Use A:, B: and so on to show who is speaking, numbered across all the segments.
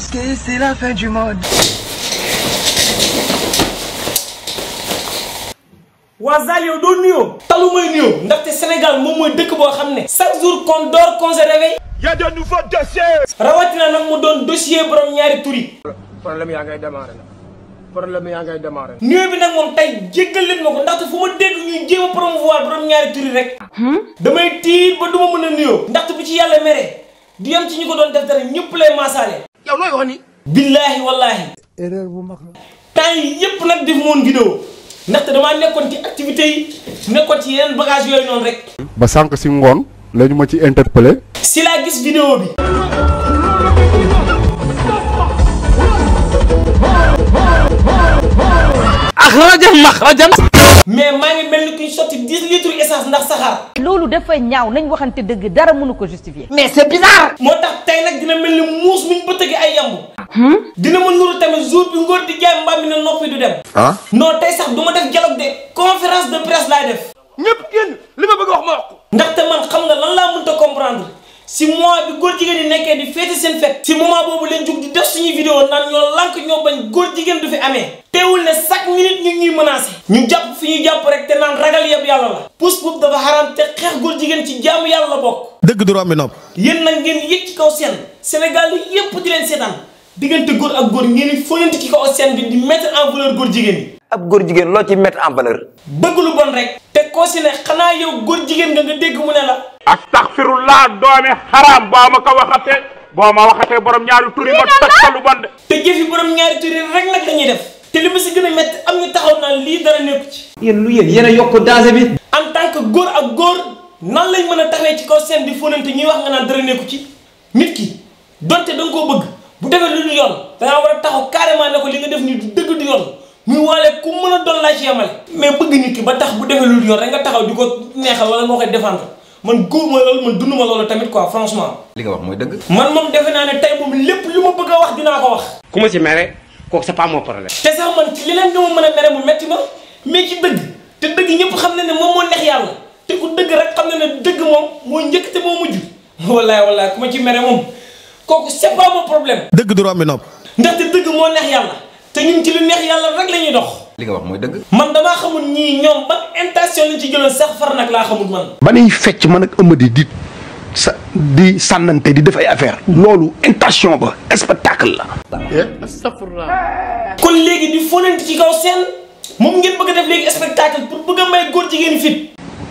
A: Est-ce que c'est la waa Zal yow doo nuyoo talu may ndaxte Sénégal moom mooy dëkk boo xam ne chaque jour qu'on dort qu'on se réveille y a de nouveaux dossiers rawatina nag mu doon dossier borom ñaari tur yi la problème bi nag moom tey jéggal leen ma ko ndaxte fu ma dégg ñuy jéem a promouvoir borom ñaari tur rek hmm? damay tiit ba duma mën a nuyoo ndaxte bu ci yàlla mere du yam ci ñu ko doon def dara ñëpp lay maasaale yow looy wax ni billaahi wallaahi. erreur bu nag def moon vidéo ndaxte damaa nekkoon ci activités yi nekkoon ci yeneen bagage yooyu noonu rek. ba sànq si ngoon lañu ma ci interpellé. si laa gis vidéo bi. ak rajan mais maa ngi mel ni kuy sotti dix litres essence ndax saxaar loolu dafa ñaaw nañ waxante dëgg dara mënu ko justifier mais c'est bizarre moo tax tey nag dina mel ni muus mi ñu bëtëgee ay yamb hmm? dina ma nuru tamit jour bi ngóor di jaay mbaam mi ne noppi du dem ah tey sax du ma def dialogue de conférence de presse laay def ñëpp génn li ma bëgg wax ma si mois bi góor jigéen yi nekkee di féete seen fête si moment boobu leen jug di def suñuy vidéo naan ñoo lank ñoo bañ góor jigéen du fi amee teewul ne chaque minute ñu ñuy menacé ñu jàpp fi ñu jàpp rek te naan ragal yëpp yàlla la pousse boobu dafa xaram te xeex góor jigéen ci jaamu yàlla la bokk dëgg du romb nopp yéen nag ngeen yëg ci kaw seen Sénégal yëpp yépp di leen seetaan diggante góor ak góor ngeen di fóoyante ci kaw seen bi di mettre en valeur góor jigéen yi góor jigéen loo ci mettre en valeur bëgg lu bon rek te koo si xanaa yow góor jigéen nga nga dégg mu ne astaghfirullah doomi xaraam boo ma ko waxatee borom ñaari turi ma toj lu bon de. te rek nag dañuy def. te li ma si gën a métti am ñu taxaw naan lii dara lu yéen yéen a yokk danger bi. en tant que góor ak góor nan lañ mën a ci kaw seen di fóonante ñuy wax nga naan dara nekku ci nit ki donte da nga koo bëgg bu defee lu dul yoon da war a taxaw carrément ne ko li nga def nii du dëgg du yoon muy waale ku mën a doon laa ci yemale. mais bëgg nit ki ba tax bu defee lu dul yoon rek nga taxaw di ko neexal wala moo koy défendre. man góob ma loolu man dund ma loolu tamit quoi franchement. li nga wax mooy dëgg. man moom defe naa ne tey moom lépp lu ma bëgg a wax dinaa ko wax. ku ma ci mere kooku c'est pas mon problème. te sax man ci a mere mu metti ma mais dëgg te dëgg ñëpp xam na ne moom moo neex yàlla te ku dëgg rek xam na ne dëgg moom moo njëkk te moo mujj. wallaay wallaay ku ma ci mere moom kooku c'est pas mon problème. dëgg du romb nopp. ndaxte dëgg moo neex yàlla te ñun ci lu neex yàlla rek la ñuy dox. li nga wax moy deug man dama xamul ñi ñom ba intention li ci jël sax far nak la xamul man. ba nuy fecc man ak ëmadi di di sanante di def ay affaire lolu intention ba spectacle la. Eh, astaghfirullah kon legi di fonante ci kaw sen mom ngeen bëgg def legi spectacle pour bëgg may goor ci ngeen fit.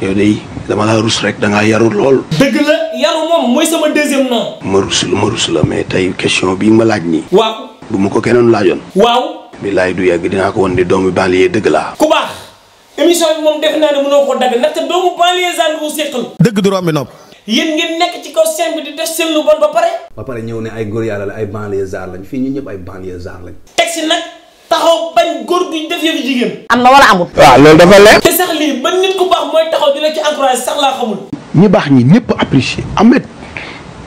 A: yow day dama la rus rek da nga yaru lool. deug la yaru mom moy sama deuxième nom. ma rus lu ma rus la mais tay question bi ma laaj ni waaw bu ma ko kenen laajoon. waaw. billaay du yàgg dinaa ko won di doomu banlieue dëgg laa. ñëw ne ay góor yàlla la ay banlieusards lañ fii ñu ñëpp ay banlieusards lañ. teg si nag taxaw bañ góor guñ def yëfu jigéen. am na wala amul. waaw loolu dafa leer. te sax lii ba nit ku baax mooy taxaw di ci encouragé sax laa xamul. ñi baax ñi ñëpp apprécié Ahmed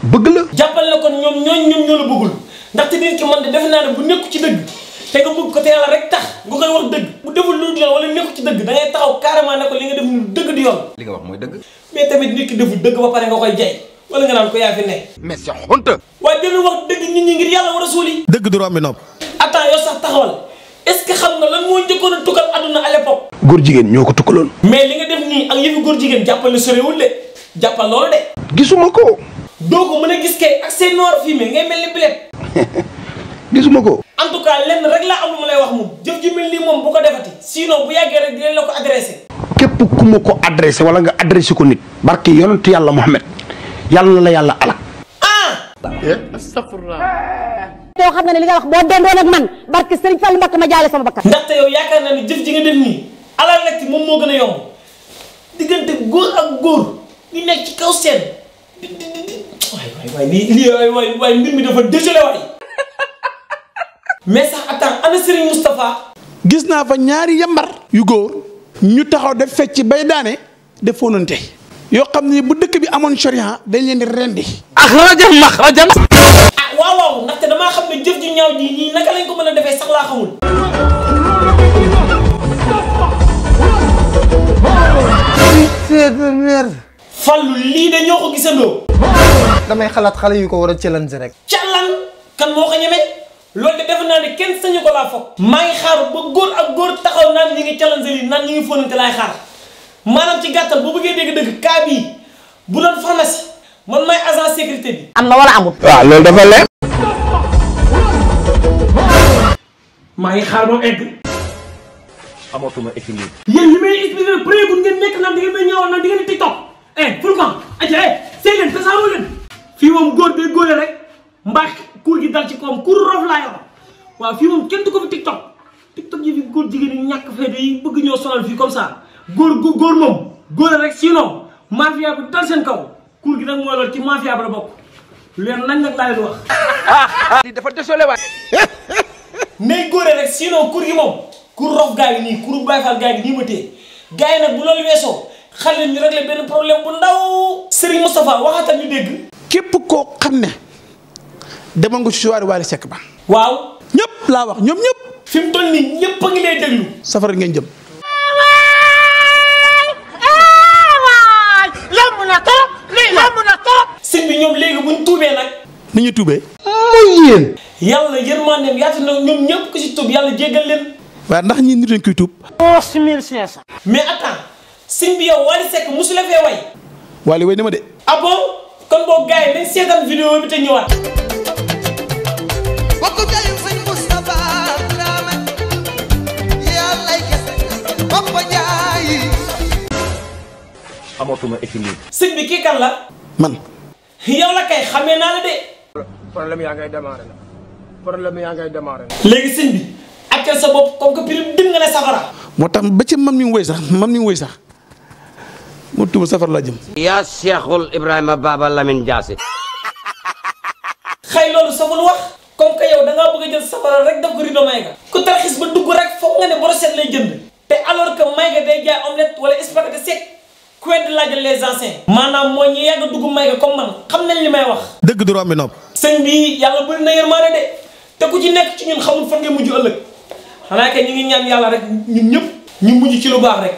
A: bëgg la. jàppal na kon ñoom ñooñu ñoom ñoo la bëggul ndaxte nit ki man de defe naa ne bu nekku ci dëgg. te nga bëgg ko te yàlla rek tax nga koy wax dëgg bu deful lu dul wala nekku ci dëgg da ngay taxaw carrément ne li nga def dëgg di yoon li nga wax mooy dëgg mais tamit nit ki deful dëgg ba pare nga koy jay wala nga naan ko yaa fi ne mais c'est honte waaye dina wax dëgg nit ñi ngir yàlla war a suul yi dëgg du rombi nopp attends yow sax taxawal est-ce que xam nga lan moo njëkkoon a tukkal àdduna à l'époque góor jigéen ñoo ko tukkaloon mais li nga def nii ak yëfi góor gis kay ak noir ngay gisuma ko. en tout cas lenn rek laa am lu ma lay wax moom jëf ji mel nii moom bu ko defati la yàlla Mouhamed yàlla na la yàlla alak. ah. Eh, astafurlah. li nga wax ndaxte yow yaakaar naa ne jëf ji nga def nii alal la moom moo gën a yomb diggante góor ak góor ñu nekk ci kaw seen. waay waay waay lii lii waay waay mbir mi dafa désolé waay. mais sax attends ana Serigne gis naa fa ñaari yambar yu góor ñu taxaw def fecc bay daane def fonante yoo xam ne bu dëkk bi amoon sharia dañ leen di rendi ak rajan max rajan ah waaw waaw ndaxte damaa xam ne jëf ju ñaaw ji ñii naka lañ ko mën a defee sax xamul fallu lii de ñoo ko gisandoo damay xalaat xale yu ko war a challenge rek challenge kan moo ko ñemee loolu de defe naa ni kenn sañu ko laa foog maa ngi xaaru ba góor ak góor taxaw naan ñi ngi challenge lii naan ñi ngi fóonante laay xaar maanaam ci gàttal boo bëggee dégg-dëgg cas bii bu doon pharmacie man maay agent sécurité bi. am na wala amul. waaw loolu dafa leer. maa ngi xaar doo egg. amatuma équilibre. yéen li may expliqué premier bu ngeen nekk naan da ngeen may ñëwoon naan da ngeen di tiktok. eh Fulkan. aja eh sëy leen tasaaroo leen. fii moom góor day góore dal ci kom ku rof la yor wa fi mom kën duko fi tiktok tiktok yi fi góor jigéen yi ñàkk fee day bëgg ñoo sonal fi comme ça góor góor mom góor rek sino mafia bu dal seen kaw kur gi nak mo lool ci mafia bu la bok leen nañ nak laa leen wax li dafa désolé wa mais góor rek sino kur gi mom ku rof gaay nii ku baaxal gaay ni ma té gaay nak bu lol wéso xalé ñu la benn problème bu ndaw Serigne mustapha waxata ñu dégg képp ko xamné demoon nga ci soirée Wally Seck ba. waaw. ñëpp laa wax ñoom ñëpp. fi mu toll nii ñëpp a ngi lay déglu. safara ngeen jëm. sëñ bi ñoom léegi buñ tuubee nag. ni ñu tuubee. muy yéen. yàlla yërmandeem yaatu na ñoom ñëpp ku ci tuub yàlla jéggal leen. ndax ñi nit dañ koy tuub. 3500. mais attends sëñ bi yow Wally Seck mosu la fee way. Wally way ni ma de. ah kon boog gars yi nañ seetaan vidéo bi te amatuma équilibre. sëñ bi kii kan la. man. yow la kay xamee naa la de. problème yaa ngay démarrer la problème yaa ngay démarrer la. léegi sëñ bi accal sa bopp comme que pirim dim nga ne safara. moo tax ba ci mam ñu woy sax mam ñu safara laa jëm. yaa Cheikhul Ibrahima Baba Lamine Diassé. xëy loolu saful wax. comme que yow da bëgg a jël safara rek daf ko rido may nga ku tarxis ba dugg rek foog nga ne brochette lay jënd te alors que may nga day jaay omelette wala spaghetti sec kuwent laajal les anciens maanaam moo ñu yàgg dugg may nga comme man xam nañ li may wax dëgg du rombi nopp sëñ bi yàlla bëri na yërmaane de te ku ci nekk ci ñun xamul fan nga mujj ëllëg xanaa kay ñu ngi ñaan yàlla rek ñun ñëpp ñu mujj ci lu baax rek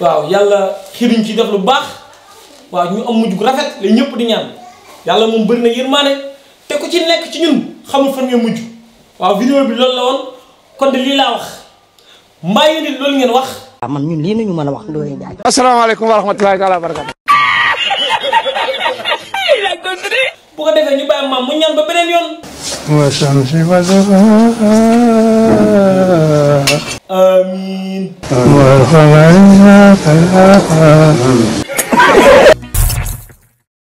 A: waaw yàlla xiriñ ci def lu baax waaw ñu am mujj gu rafet la ñëpp di ñaan yàlla moom bëri na yërmaane te ku ci nekk ci ñun xamul fan ngeen mujj waaw vidéo bi loolu la kon de lii wax mbaa yéen it loolu ngeen wax. waaw ah, man ñun lii nañu mën a wax Ndoye Ndiaye. asalaamaaleykum wa rahmatulahi taala wa barakatu.